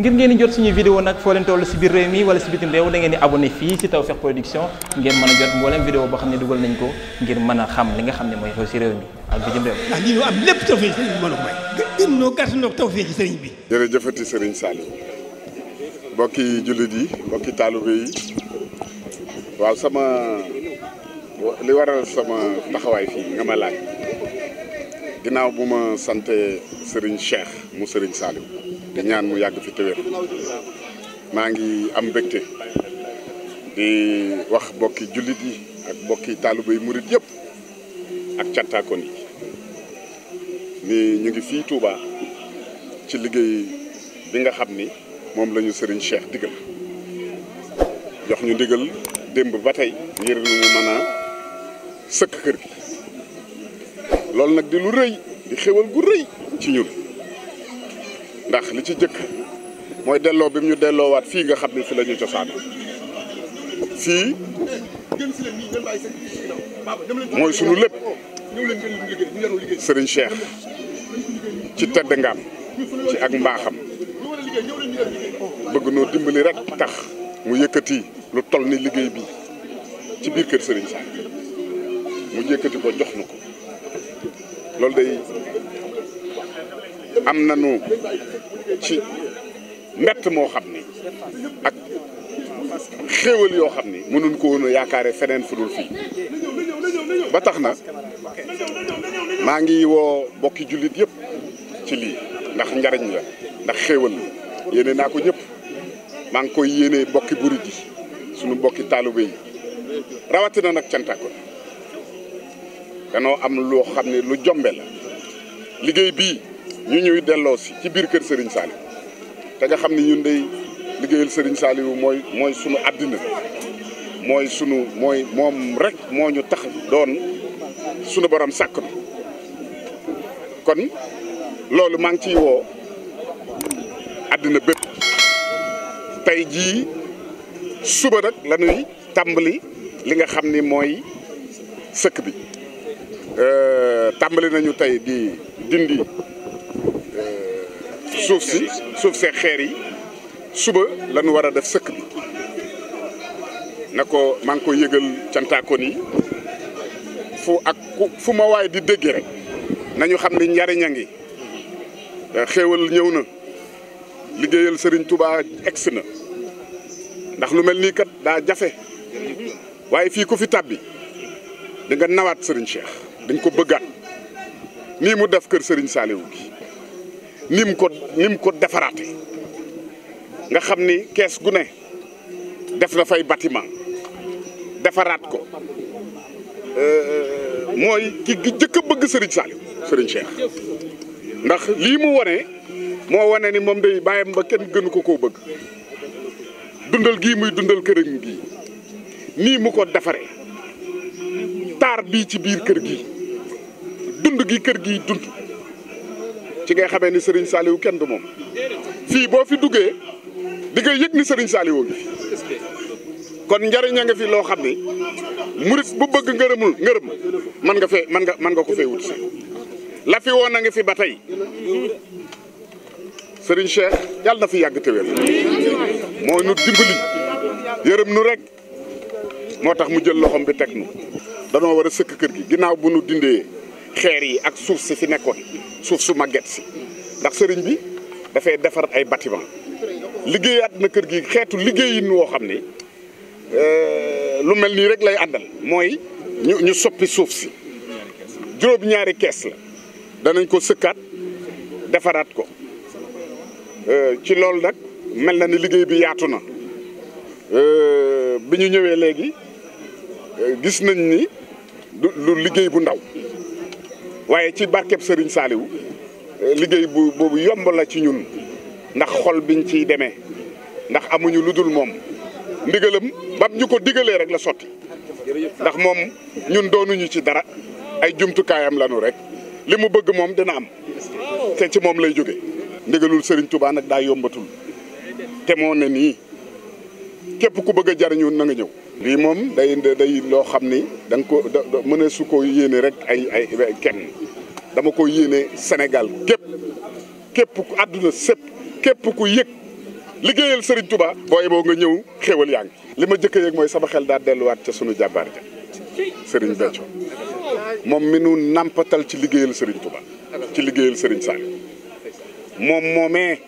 ngir ngeen di jot suñu vidéo nag foo leen toll si biir réew mi wala si bitim réew da ngeen di abonné fii si Tawfekh Production ngeen mën a jot mboolem vidéo boo xam ne dugal nañ ko ngir mën a xam li nga xam ne mooy xew si réew mi ak bitim réew. ndax lii ñu am lépp tawfeex sëriñ bi mën a may. gën sëriñ bi. jërëjëfati jullit yi mbokki taalibe yi waaw sama li waral sama taxawaay fii nga ma laaj ginnaaw bu ma sante Serigne Cheikh mu Serigne Saliou di ñaan mu yàgg fi téwér maa ngi am mbégte di wax bokki jullit yi ak bokki taaliba yi murit yëpp ak cattaakoon yi ni ñu ngi fii Touba ci liggéey bi nga xam ni moom lañu sëriñ Serigne Cheikh digal jox ñu ndigal démb ba tey ngir ñu mën a sëkk kër gi loolu nag di lu rëy di xéwal gu rëy ci ñun ndax li ci jëkk mooy delloo bi mu ñu delloowaat fii nga xam ne fi la ñu cosaan fii mooy sunu lépp Serigne Cheikh ci tedd ngaam ci ak mbaaxam bëgg noo dimbali rek tax mu yëkkati lu toll ni liggéey bi ci biir kër sëriñ Cheikh mu yëkkati ko jox nu ko. loolu day am na nañu ci mbett moo xam ni ak xéewal yoo xam ni mënuñ ko woon a feneen fu dul fii ba tax na maa ngi woo bokki jullit yëpp ci lii ndax njariñ la ndax xéewal la yéene naa ko ñëpp maa ngi koy yéene bokki burit yi sunu bokki taalibe yi rawatina nag cantaako danoo am loo xam ne lu jombe la liggéey bii ñu ñuy delloo si ci biir kër sëriñ Saliou te nga xam ne ñun day liggéeyal Serigne Saliou mooy mooy sunu àddina mooy sunu mooy moom rek moo ñu tax doon sunu borom sàkk na kon loolu maa ngi ciy woo àddina bépp tey jii suba nag la tàmbali li nga xam ni mooy sëkk bi Euh, tàmbali nañu tey di dindi euh, suuf si suuf see xeer yi suba lañu ñu war a def sëkk bi na ko maa ngi ko yëgal cantaakoon yi fu ak fu ma waay di dégge rek nañu xam ni njariñ a ngi euh, xewal ñëw na liggéeyal Serigne Touba egsi na ndax lu mel nii kat daa jafe mm-hmm. waaye fii ku fi tàbbi di nawaat sëriñ Cheikh. dañ ko bëggaat nii mu def kër sëriñ Saliou gi ni mu ko ni mu ko defaraate nga xam ni kees gu ne def na fay bâtiment defaraat ko euh, mooy ki gi jëkk a bëgg sëriñ Saliou Serigne Cheikh ndax lii mu wane moo wane ni moom day bàyyam ba kenn gënu ko koo bëgg dundal gii muy dundal këriñ gii nii mu ko defaree taar bii ci biir kër gi gi kër gi dund ci ngay xamee ni Serigne Saliou kenn du moom fii boo fi duggee di nga yëg ni Serigne Saliou ngi fi kon njariñ a nga fi loo xam ni murit bu bëgg ngërëmul ngërëm man nga fee man nga ko fee wut si la woon a ngi fi ba tey Serigne Cheikh yàlla na fi yàgg te moo nu dimbali yërëm nu rek moo tax mu jël loxom bi teg nu danoo war a sëkk kër gi ginnaaw bu nu dindee xeer yi ak suuf si fi nekkoon suuf su màgget si ndax sëriñ bi dafay defar ay batiment liggéeyaat na kër gi xeetu liggéeyin woo xam ne euh, lu mel nii rek lay àndal mooy ñu ñu soppi suuf si juróom-ñaari kees la danañ ko sëkkaat defaraat ko euh, ci loolu nag mel na ni liggéey bi yaatu na euh, bi ñu ñëwee léegi gis nañ ni lu liggéey bu ndaw waaye ci barkeb Serigne saaliw eh, liggéey bu boobu yomb la ci ñun ndax xol biñ ciy demee ndax amuñu lu dul moom ndigalam bam ñu ko digalee rek la sotti ndax moom ñun doonuñu ci dara ay jumtukaayam lanu rek li mu bëgg moom dina am te ci moom lay jóge ndigalul sëriñ Touba nag daa yombatul te moo ne nii képp ku bëgg a jariñu na ñëw lii moom day day loo xam ni danga ko da mën a su ko yéene rek ay ay kenn dama ko yéene senegal képp képp ku àdduna sépp képp ku yëg liggéeyal Serigne Touba booy boo nga ñëw xéwal yaa ngi. li ma jëkk a yëg mooy sama xel daa delluwaat ca sunu jàmbaar ja Serigne Béthio moom mi nu ci liggéeyal Serigne Touba ci liggéeyal Serigne Sall moom moomee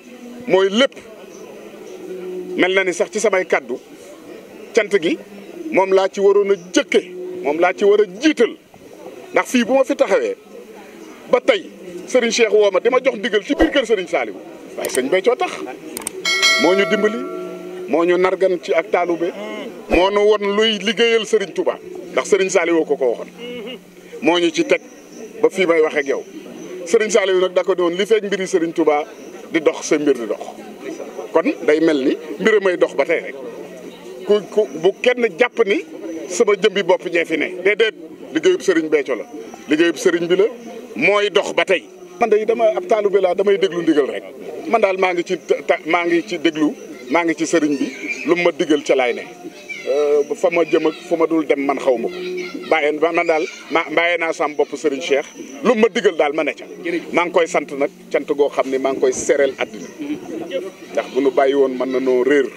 mooy lépp mel na ni sax ci samay kàddu cant gi. moom laa ci waroon a jëkke moom laa ci war a jiital ndax fii bu ma fi taxawee ba tey Serigne Cheikh woo ma di ma jox ndigal ci biir kër Serigne Saliou waaye sëñ Béthio tax moo ñu dimbali moo ñu nargan ci ak taalube moo nu won luy liggéeyal sëriñ tubaa ndax sëriñ Saliou ko ko waxoon moo ñu ci teg ba fii may wax ak yow Serigne Saliou nag da ko doon li feeg mbiri Serigne Touba di dox sa mbir di dox kon day mel ni mbir may dox ba tey rek. ku ku bu kenn jàpp ni sama jëmbi bopp ñee fi ne déedéet liggéeyub sëriñ Béthio la liggéeyub sëriñ bi la mooy dox ba tey. man de dama ab taalibe laa damay déglu ndigal rek man daal maa ngi ci maa ngi ci déglu maa ngi ci sëriñ bi lu ma digal ca laay ne euh, fa ma jëm ak fa ma dul dem man xaw ma ko bàyyeen man daal ma bàyyee naa sam bopp sëriñ Cheikh lu ma digal daal ma ne ca maa ngi koy sant nag cant goo xam ne maa ngi koy sereel àddina ndax bu nu bàyyi woon man na noo réer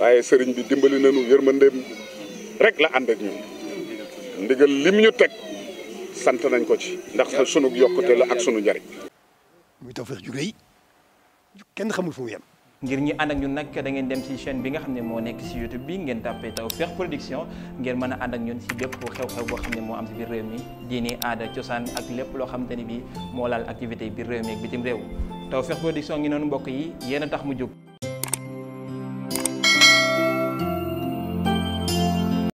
waaye sëriñ bi dimbali nañu yërmandeem rek la ànd ak ñun ndigal lim ñu teg sant nañ ko ci ndax sunu yokkute la ak sunu njariñ muy Tawfekh ju rëy kenn xamul fu yem ngir ñu ànd ak ñun nag da ngeen dem ci chaîne bi nga xam ne moo nekk ci YouTube bi ngeen tàppee Tawfekh Production ngeen mën a ànd ak ñun ci bépp xew-xew boo xam ne moo am ci biir réew mi diini aada cosaan ak lépp loo xamante ni bi moo laal activité biir réew mi ak bitim réew Tawfekh Production ngi noonu mbokk yi yéen tax mu jóg